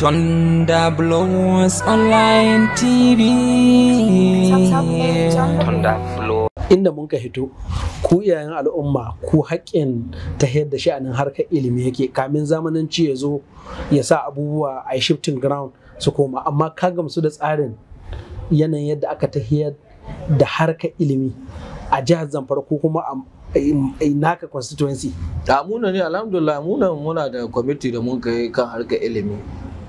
Thunder Blows Online TV. Thunder Blow. Inda mun ka hito, ku iyayen al'umma ku haƙƙin ta yadda sha'anin harkar ilimi yake kamin zamananci ya zo ya sa abubuwa a shifting ground su koma amma ka gamsu da tsarin yanayin yadda aka tahiyar da harkar ilimi a jihar zamfara ko kuma a naka constituency? Amuna ne alhamdulillah muna muna da kwamiti da mun kai kan harkar ilimi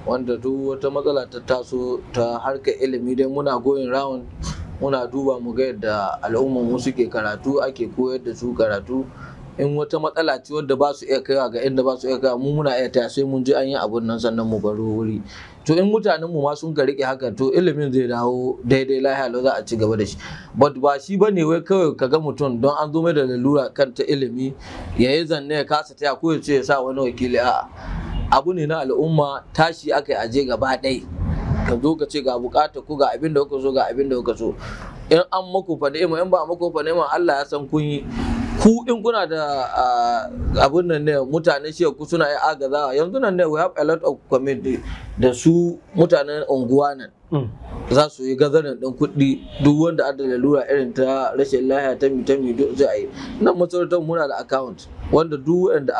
wanda duk wata matsala ta taso ta harkar ilimi dai muna goyin rawun muna duba mu ga yadda al'ummar mu suke karatu ake koyar da su karatu in wata matsala ce wadda ba su iya kaiwa ga inda ba su iya kaiwa mu muna iya ta sai mun je an yi abun nan sannan mu baro wuri to in mutanen mu ma sun rike haka to ilimin zai dawo daidai lahiya lo za a ci gaba da shi but ba shi bane wai kawai ka ga mutum don an zo mai da lalura kanta ilimi ya yi zanne ya kasa taya ko ya ce ya sa wani wakili a'a abu ne na al'umma tashi aka yi aje gaba ɗai ka zo ka ce ga bukata ku ga abin da kuka so ga abin da kuka so in an muku fa in ba muku fa Allah ya san kun yi ku in kuna da abin nan ne mutane shi ku suna yi agazawa yanzu nan ne we have a lot of community da su mutanen unguwa nan hmm. za su yi gazarin ɗin kuɗi duk wanda ada lalura irin ta rashin lahiya ta mi ta mi duk zai yi nan masarautar muna da account wanda duk wanda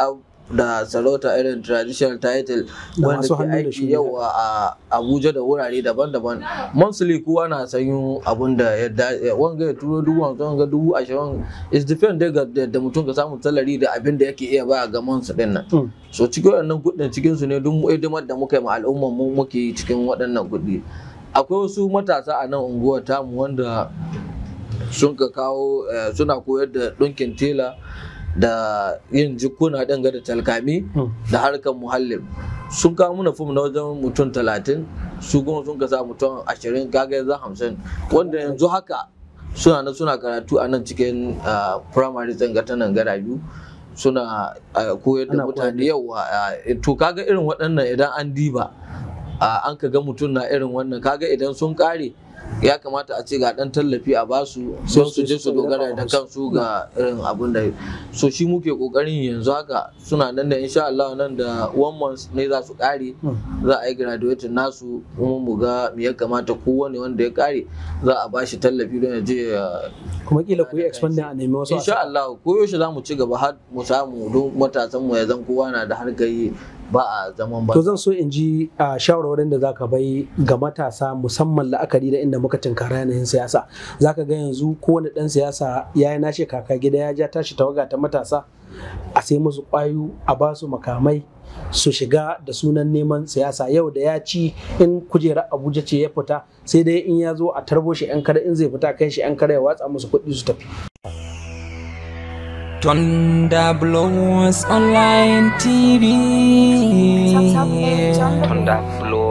da sarauta irin traditional title wanda ke aiki yau a abuja da wurare daban-daban monthly kowa na sanyo abun da ya wanga ya turo dubu wanzu wanga dubu ashirin is depend daga da mutum ka samu salari da abin da yake iya baya ga monthly din nan hmm. so cikin wannan kudin cikin ne duk hidimar da muka yi ma al'ummar mu muke cikin waɗannan kudi akwai wasu matasa a nan unguwar tamu wanda sun ka kawo eh, suna koyar da ɗinkin tela da yin jikuna ɗin ga da talkami hmm. da harkar muhallin sun kawo muna fim na wajen mutum talatin su kuma sun kasa mutum ashirin kaga yanzu hamsin wanda yanzu haka suna na suna karatu a nan cikin primary tsanga ta nan gara biyu suna koyar da mutane yawa eh, to kaga irin waɗannan idan an diba an ka ga mutum na irin wannan kaga idan sun kare. ya kamata a ce ga dan tallafi a basu sai su je su dogara da kansu ga irin abin da so shi muke kokarin yanzu haka suna nan da insha Allah nan da one month ne za su kare za a yi graduating nasu kuma mu ga me ya kamata kowane wanda ya kare za a bashi tallafi don ya je kuma kila ku yi expanding a nemi wasu insha Allah koyo shi za mu ci gaba har mu samu don matasan mu ya zan kowa na da har yi ba a zaman ba to zan so in ji a shawarwarin da zaka bai ga matasa musamman la'akari da inda muka tinkara yanayin siyasa zaka ga yanzu kowane dan siyasa ya yi nashi kaka gida ya ja tashi tawaga ta matasa a sai musu kwayo a ba su makamai su shiga da sunan neman siyasa yau da ya ci in kujerar abuja ce ya fita sai dai in ya zo a tarbo shi yan kare in zai fita kai shi yan kare ya watsa musu kuɗi su tafi Thunder Blows Online TV. Thunder Blows.